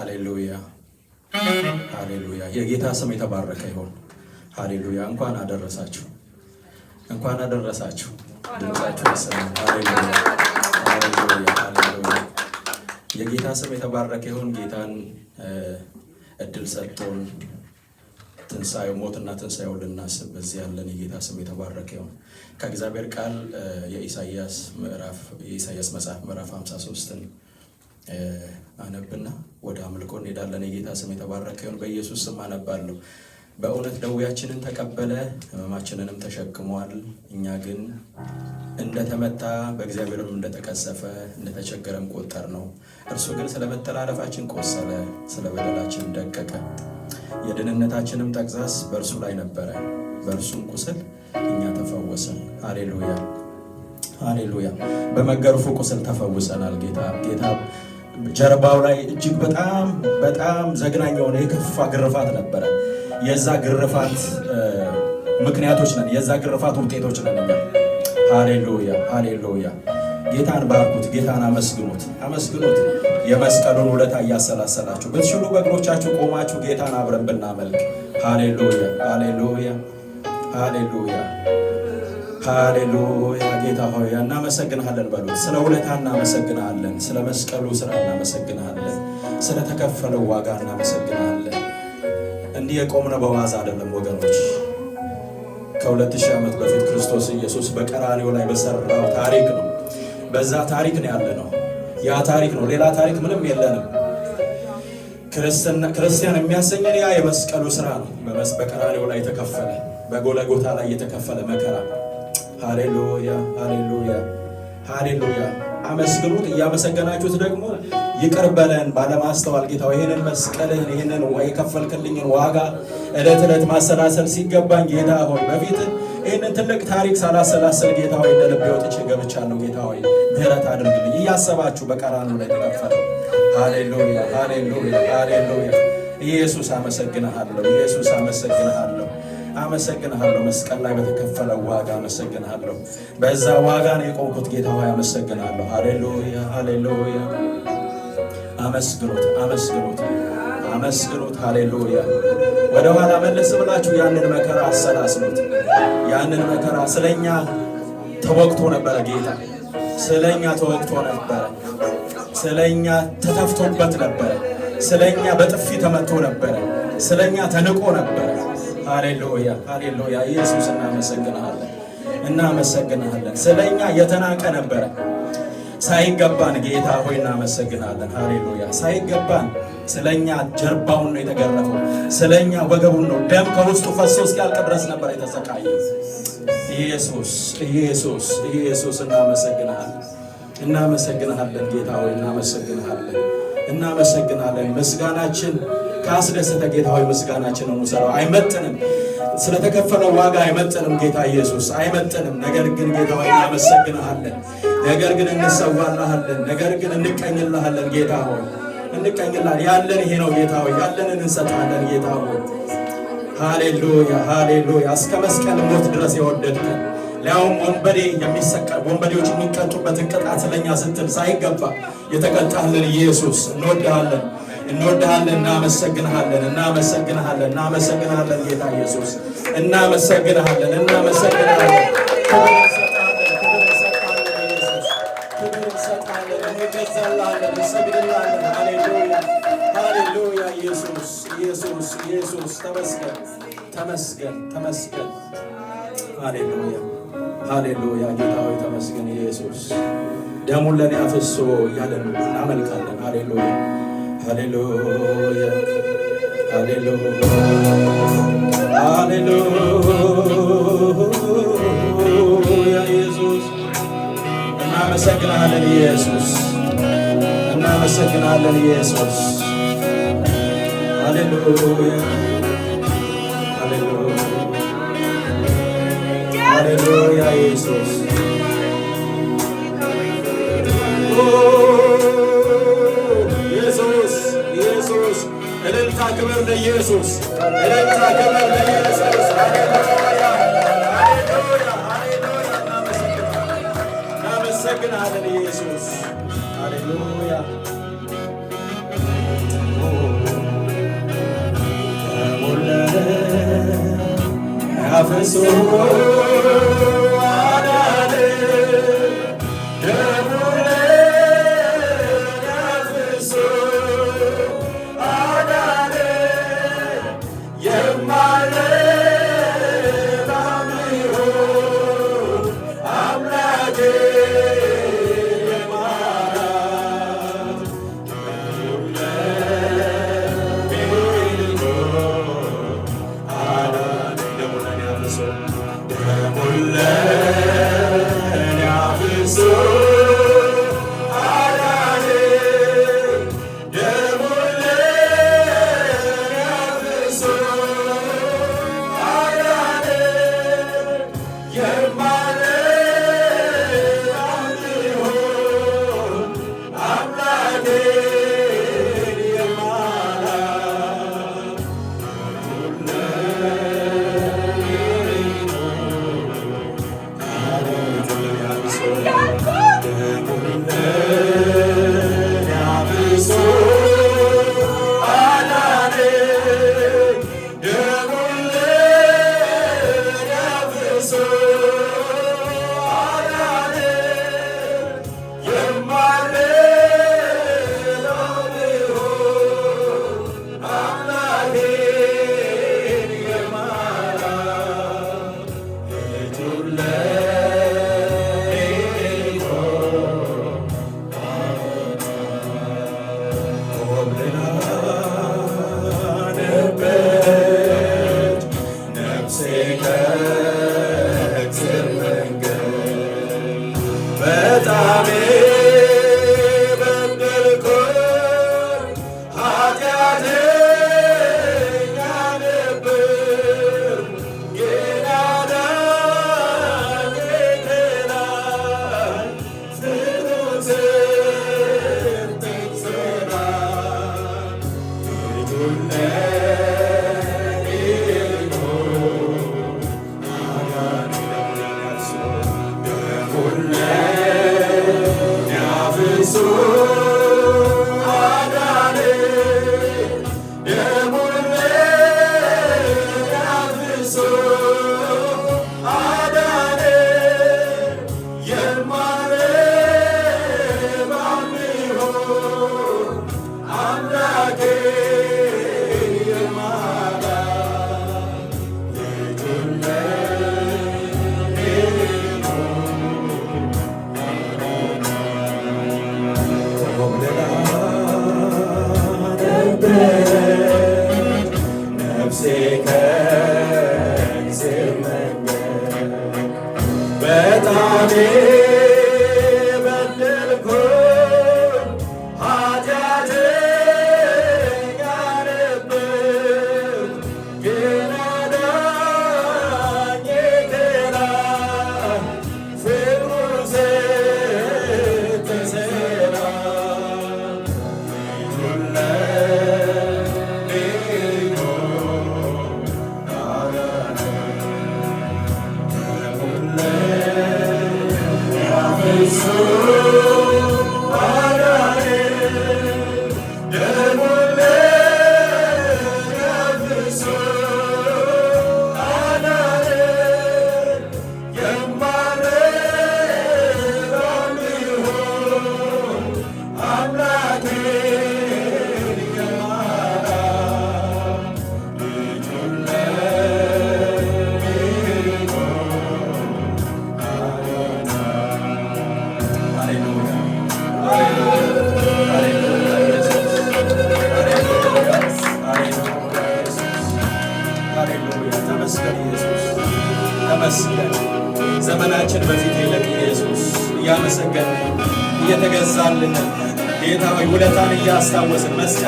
ሃሌሉያ ሃሌሉያ። የጌታ ስም የተባረከ ይሆን። ሃሌሉያ። እንኳን አደረሳችሁ፣ እንኳን አደረሳችሁ። የጌታ ስም የተባረከ ይሆን። ጌታን እድል ሰጥቶን ትንሣኤው ሞትና ትንሣኤውን ልናስብ በዚህ ያለን የጌታ ስም የተባረከ ይሆን ከእግዚአብሔር ቃል የኢሳያስ መጽሐፍ ምዕራፍ 53ን አነብና ወደ አምልኮ እንሄዳለን። የጌታ ስም የተባረከ ይሁን። በኢየሱስ ስም አነባለሁ። በእውነት ደዌያችንን ተቀበለ ሕመማችንንም ተሸክሟል። እኛ ግን እንደተመታ በእግዚአብሔርም እንደተቀሰፈ እንደተቸገረም ቆጠር ነው። እርሱ ግን ስለ መተላለፋችን ቆሰለ፣ ስለ በደላችን ደቀቀ። የደህንነታችንም ተግሣጽ በእርሱ ላይ ነበረ፣ በእርሱም ቁስል እኛ ተፈወሰን። አሌሉያ አሌሉያ። በመገርፉ ቁስል ተፈውሰናል። ጌታ ጌታ ጀርባው ላይ እጅግ በጣም በጣም ዘግናኝ የሆነ የከፋ ግርፋት ነበረ። የዛ ግርፋት ምክንያቶች ነን፣ የዛ ግርፋት ውጤቶች ነን። ሃሌሉያ ሃሌሉያ። ጌታን ባርኩት፣ ጌታን አመስግኑት፣ አመስግኑት። የመስቀሉን ውለታ እያሰላሰላችሁ ብትችሉ በእግሮቻችሁ ቆማችሁ ጌታን አብረን ብናመልክ። ሃሌሉያ ሃሌሉያ ሃሌሉያ። ሃሌሉያ። ጌታ ሆይ እናመሰግንሃለን በሉ። ስለ ውለታ እናመሰግንሃለን። ስለ መስቀሉ ስራ እናመሰግንሃለን። ስለ ተከፈለው ዋጋ እናመሰግንሃለን። እንዲህ የቆምነ በዋዛ አይደለም ወገኖች። ከሁለት ሺህ ዓመት በፊት ክርስቶስ ኢየሱስ በቀራንዮ ላይ በሰራው ታሪክ ነው። በዛ ታሪክ ነው ያለ ነው። ያ ታሪክ ነው። ሌላ ታሪክ ምንም የለንም። ክርስቲያን የሚያሰኘን ያ የመስቀሉ ስራ ነው። በቀራንዮ ላይ የተከፈለ በጎለጎታ ላይ የተከፈለ መከራ ሃሌሉያ፣ ሃሌሉያ፣ ሃሌሉያ። አመስግኑት። እያመሰገናችሁት ደግሞ ይቅር በለን ባለማስተዋል ጌታ ይህንን መስቀልን ይህንን የከፈልክልኝን ዋጋ እለት ዕለት ማሰላሰል ሲገባኝ ጌታ ሆይ በፊት ይህንን ትልቅ ታሪክ ሳላሰላሰል ጌታ ሆይ እንደ ልብ ወጥቼ ገብቻለሁ። ጌታ ሆይ ምህረት አድርግልኝ እያሰባችሁ በቀራንዮ ላይ ተከፈለ። ሃሌሉያ፣ ሃሌሉያ፣ ሃሌሉያ። ኢየሱስ አመሰግንሃለሁ፣ ኢየሱስ አመሰግንሃለሁ። አመሰግንሃለሁ። መስቀል ላይ በተከፈለው ዋጋ አመሰግንሃለሁ። በዛ ዋጋ ነው የቆምኩት። ጌታ ሆይ አመሰግንሃለሁ። ሃሌሉያ ሃሌሉያ። ሃሌሉያ። መለስ ብላችሁ ያንን መከራ አሰላስሉት። ያንን መከራ ስለኛ ተወቅቶ ነበረ። ጌታ ስለኛ ተወቅቶ ነበረ። ስለኛ ተተፍቶበት ነበረ። ስለኛ በጥፊ ተመቶ ነበረ። ስለኛ ተንቆ ነበረ። ሃሌሉያ ሃሌሉያ። ኢየሱስ እናመሰግናለን፣ እናመሰግናለን። ስለኛ የተናቀ ነበረ ሳይገባን፣ ጌታ ሆይ እናመሰግናለን። ሃሌሉያ ሳይገባን ስለኛ ጀርባውን ነው የተገረፈው፣ ስለኛ ወገቡን ነው ደም ከውስጡ ፈሶ እስኪያልቅ ድረስ ነበር የተሰቃየ። ኢየሱስ ኢየሱስ ኢየሱስ እናመሰግናለን፣ እናመሰግናለን። ጌታ ሆይ እናመሰግናለን፣ እናመሰግናለን። ምስጋናችን ካስደሰተ ጌታ ሆይ ምስጋናችን ነው የምንሰራው። አይመጥንም፣ ስለተከፈለው ዋጋ አይመጥንም። ጌታ ኢየሱስ አይመጥንም። ነገር ግን ጌታ ሆይ እናመሰግንሃለን። ነገር ግን እንሰዋልሃለን። ነገር ግን እንቀኝልሃለን። ጌታ ሆይ እንቀኝልሃል። ያለን ይሄ ነው ጌታ ሆይ፣ ያለንን እንሰጣለን። ጌታ ሆይ ሃሌሉያ፣ ሃሌሉያ። እስከ መስቀል ሞት ድረስ የወደድከን ሊያውም ወንበዴ የሚሰቀል ወንበዴዎች የሚቀጡበትን ቅጣት ለእኛ ስትል ሳይገባ የተቀጣልን ኢየሱስ እንወድሃለን። እንወድሃለን፣ እናመሰግንሃለን፣ እናመሰግንሃለን፣ እናመሰግንሃለን ጌታ ኢየሱስ እናመሰግንሃለን፣ እናመሰግንሃለን፣ ኢየሱስ ኢየሱስ ተመስገን፣ ተመስገን፣ ተመስገን። ሃሌሉያ ሃሌሉያ። ጌታ ሆይ ተመስገን። ኢየሱስ ደሙን ለእኔ አፍሶ እያለን እናመልካለን። ሃሌሉያ ሃሌሉያ እናመሰግናለን ኢየሱስ እናመሰግናለን ኢየሱስ ሃሌሉያ ሃሌሉያ ሃሌሉያ ኢየሱስ በኢየሱስ እልልታ ክብር ለኢየሱስ ሃሌሉያ ሃሌሉያ ሃሌሉያ እናመሰግናለን ኢየሱስ ሃሌሉያ ተሞላን አፍሶ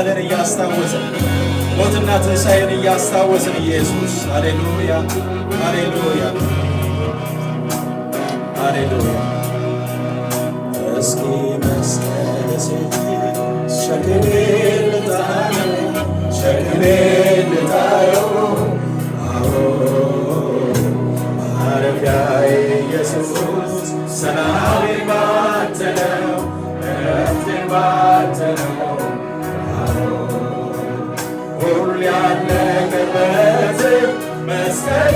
ቃልን እያስታወሰ ሞትና ትንሣኤን እያስታወሰን ኢየሱስ ሃሌሉያ፣ ሃሌሉያ፣ ሃሌሉያ እስኪ መስቀሴ ሸክሜ ልጣለው ማረፊያዬ ኢየሱስ ሰላሜ ባንተ ነው said.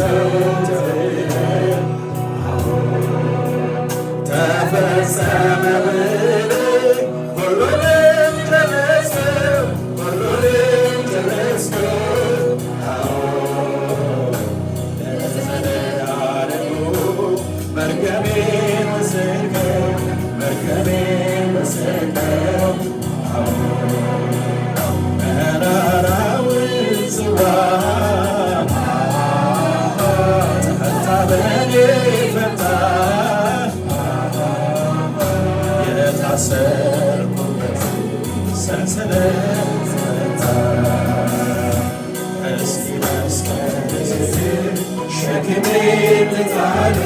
ተፈጸመ ያሰርኩበት ሰንሰለት ፈታ እስኪ መስቀል ሸክሜ ልጣል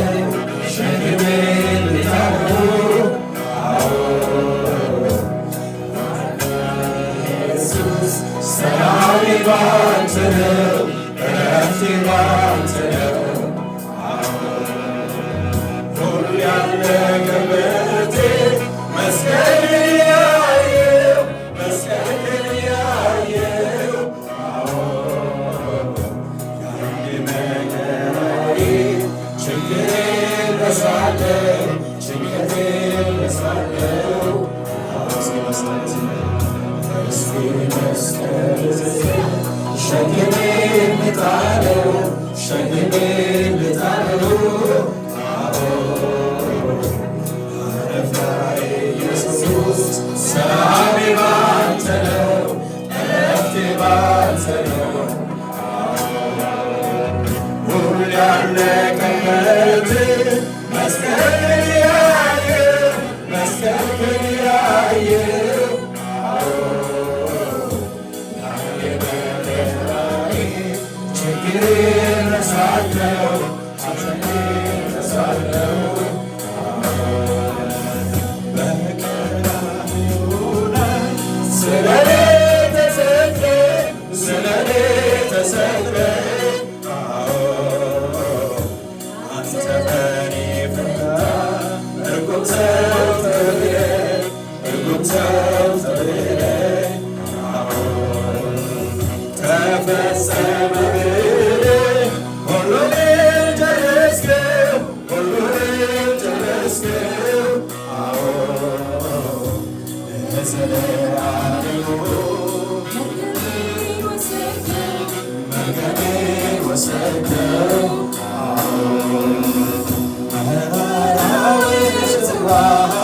Wow.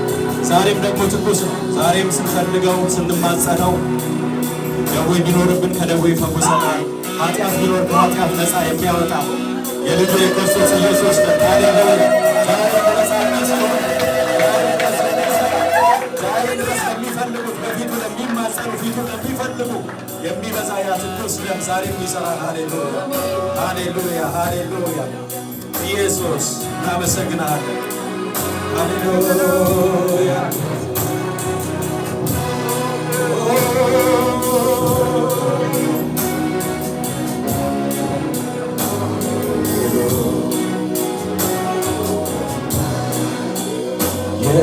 ዛሬም ደግሞ ትኩስ ነው። ዛሬም ስንፈልገው ስንማጸነው ደዌ ቢኖርብን ከደዌ ይፈውሰናል። ኃጢአት ቢኖር ከኃጢአት ነፃ የሚያወጣ የልጁ የክርስቶስ ኢየሱስ ዛሬ ድረስ ለሚፈልጉት በፊቱ ለሚማጸኑ ፊቱ ለሚፈልጉ የሚበዛ ያ ትኩስ ደም ዛሬም ይሠራል። ሃሌሉያ፣ ሃሌሉያ፣ ሃሌሉያ። ኢየሱስ እናመሰግናለን።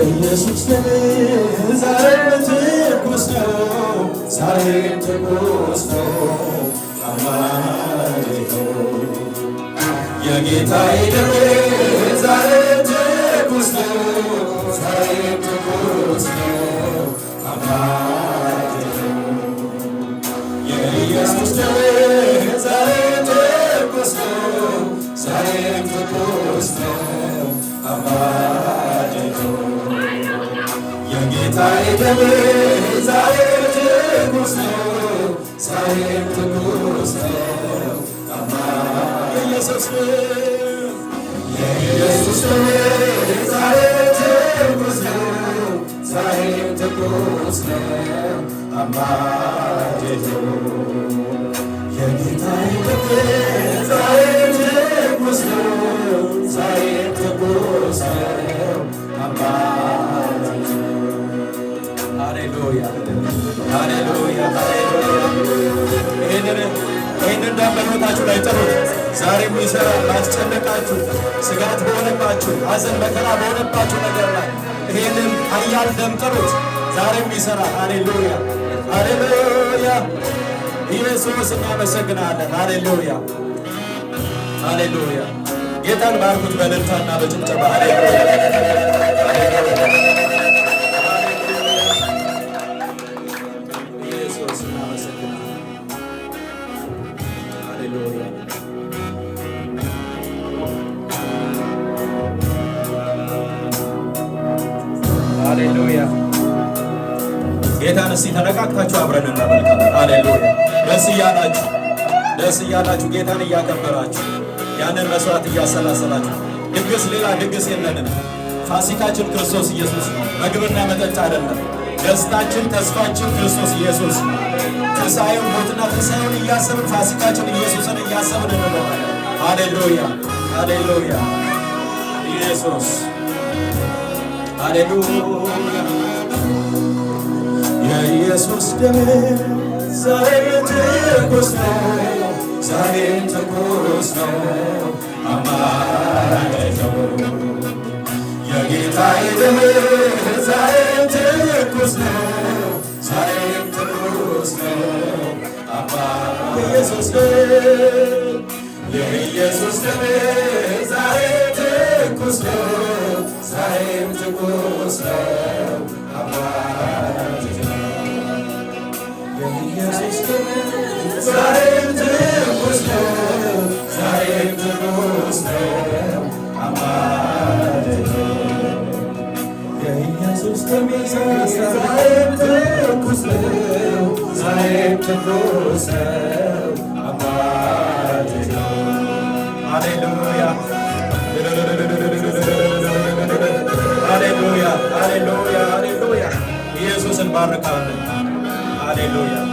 ኢየሱስ ደም ዛሬም ትኩስ ነው፣ ዛሬም ትኩስ ነው። አማኑኤል የጌታዬ ደም ዛሬ ደም ኢየሱስ አባቴቶ የጌታዬ ላይ ጥሩት። ዛሬ ይሠራል። ባስጨነቃችሁ፣ ስጋት በሆነባችሁ፣ ሐዘን መከራ በሆነባችሁ ነገር ላይ ይህንን አያል ደም ጥሩት። ዛሬም ይሠራል። ሃሌሉያ ሃሌሉያ። ኢየሱስ እናመሰግናለን። ሃሌሉያ ሃሌሉያ። ጌታን ባርኩት በእልልታና በጭብጨባ ሃሌሉያ። እስቲ ተነቃቅታችሁ አብረን እናመልካለን። ሃሌሉያ! ደስ እያላችሁ ደስ እያላችሁ ጌታን እያከበራችሁ ያንን መስዋዕት እያሰላሰላችሁ ድግስ፣ ሌላ ድግስ የለንም። ፋሲካችን ክርስቶስ ኢየሱስ ነው፣ ምግብና መጠጥ አይደለም። ደስታችን ተስፋችን ክርስቶስ ኢየሱስ ትንሣኤውን ሞትና ትንሣኤውን እያሰብን ፋሲካችን ኢየሱስን እያሰብን እንኖራለን። ሃሌሉያ ሃሌሉያ ኢየሱስ ሃሌሉያ የኢየሱስ ደም ዛሬም ትኩስ ነው፣ ዛሬም ትኩስ ነው። አማራጭው የጌታዬ ደም ዛሬም ትኩስ ነው፣ ዛሬም ትኩስ ነው። ኢየሱስ የኢየሱስ ደም ዛሬ ትኩስ ነው፣ ዛሬም ትኩስ ነው። ዛሬም ትኩስ ነው፣ ዛሬም ሃሌሉያ ሃሌሉያ ሃሌሉያ ሃሌሉያ ኢየሱስን Hallelujah.